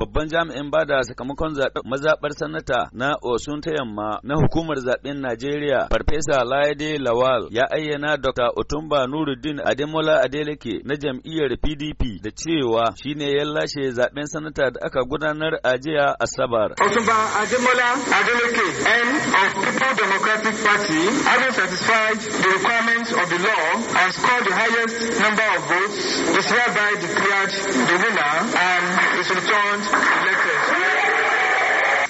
babban jami'in bada sakamakon zaɓen mazaɓar sanata na Osun ta Yamma na hukumar zaɓen Najeriya Farfesa Laide Lawal ya ayyana Dr. Otumba Nuruddin Ademola Adeleke na jam'iyyar PDP da cewa shine ya lashe zaɓen sanata da aka gudanar a jiya Asabar. Otumba Ademola Adeleke and of People Democratic Party having satisfied the requirements of the law and scored the highest number of votes is hereby declared the winner and is returned Let's elected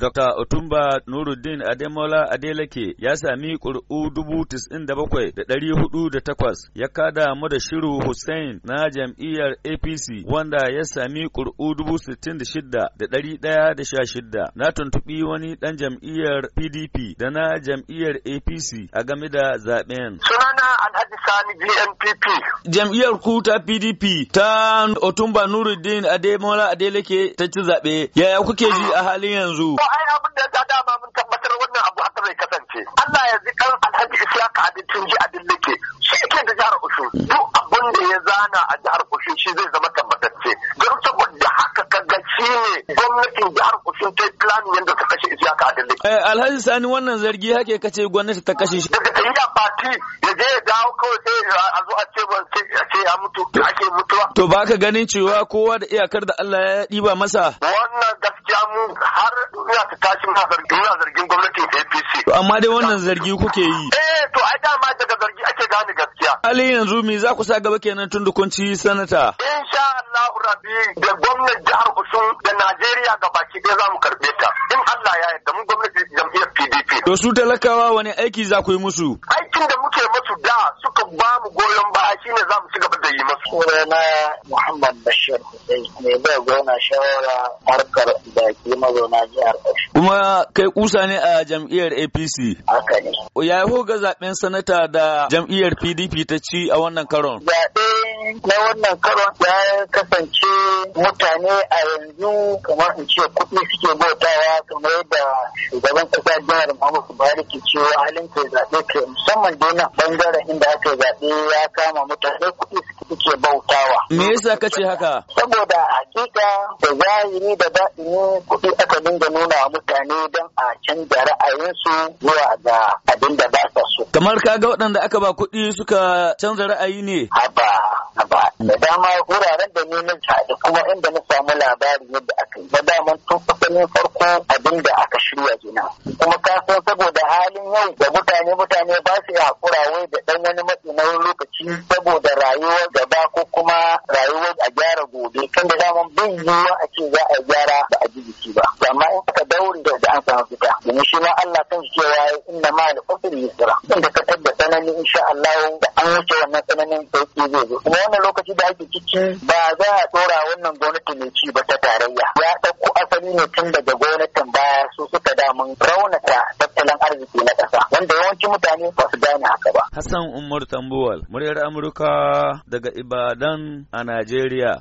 Dr. Otumba Nuruddin Ademola Adeleke ya sami ƙuri'u dubu tis'in da bakwai da ɗari hudu da takwas ya kada mu da shiru Hussein na jam'iyyar APC wanda ya sami ƙuri'u dubu sittin da shidda da ɗari ɗaya da sha shidda. Na tuntuɓi wani ɗan jam'iyyar PDP da na jam'iyyar APC a game da zaɓen. Sunana Alhaji Sani GNPP. Jam'iyyar ku ta PDP ta Otumba Nuruddin Ademola Adeleke ta ci zaɓe. Yaya kuke ji a halin yanzu? ai abin da ya dama mun tabbatar wannan abu haka zai kasance. Allah ya ji kan Alhaji a dukkan ji a dillake shi ke da jihar Osun. Duk abin da ya zana a jihar Osun shi zai zama tabbatacce. Don saboda haka ga shi ne gwamnatin jihar Osun ta yi yadda ta kashe Isiyaka a dillake. Eh, Alhaji Sani wannan zargi hake kace gwamnati ta kashe shi. Daga da fati ya je ya dawo kawai sai a zo a ce ban ce ya mutu ake mutuwa. To ba ka ganin cewa kowa da iyakar da Allah ya ɗiba masa. Wannan gaskiya mu ta tashi muna zargin muna zargin gwamnatin APC. To amma dai wannan zargi kuke yi. Eh to ai dama daga zargi ake gane gaskiya. Ali yanzu me za ku sa gaba kenan tun da kun ci sanata? Insha Allah Rabi da gwamnatin jihar Osun da Najeriya gabaki ɗaya za mu karɓe ta. In Allah ya yarda mu gwamnatin jam'iyyar PDP. To su talakawa wani aiki za ku yi musu? Aikin da ba mu goyon ba baya shine za mu ci gaba da yi masu. na Muhammad Bashir Hussein mai bai gona shawara harkar da ke mazauna jihar Bashir. Kuma kai kusa ne a jam'iyyar APC. Haka ne. Ya yi hoga zaben sanata da jam'iyyar PDP ta ci a wannan karon. na wannan karon ya kasance mutane a yanzu kamar in ce kuɗi suke bautawa kamar da shugaban ƙasa jihar Muhammadu Buhari ke cewa halin ta zaɓe yi musamman dai nan ɓangaren inda aka zaɓe ya kama mutane kuɗi suke bautawa. Me yasa ka ce haka? Saboda hakika da zahiri da ne kuɗi aka dinga nuna wa mutane don a canza ra'ayinsu zuwa ga abin da ba sa so. Kamar ka ga waɗanda aka ba kuɗi suka canza ra'ayi ne? Haba. ta ba da dama wuraren da neman na da kuma inda na samu labari yadda aka yi da daman tun kusanin farko abin da aka shirya gina kuma kasan saboda halin yau da mutane mutane ba su yi hakura wai da dan wani matsi na wani lokaci saboda rayuwar gaba ko kuma rayuwar a gyara gobe kan da daman bin yiwuwa a ce za a gyara ba a ji jiki ba amma in aka daure da an samu fita domin shi ma Allah kan shi cewa inna ma da kofin yusra inda ka da tsanani insha Allah da an wuce wannan tsananin sauki zai zo kuma wannan lokaci da ake ciki ba za a dora wannan gwamnati mai ci ba ta tarayya ya ɗauko asali ne tun daga gwamnatin baya su suka damun raunata tattalin arziki na ƙasa wanda yawancin mutane ba su gane haka ba. Hassan Umar Tambuwal, muryar Amurka daga Ibadan a Najeriya.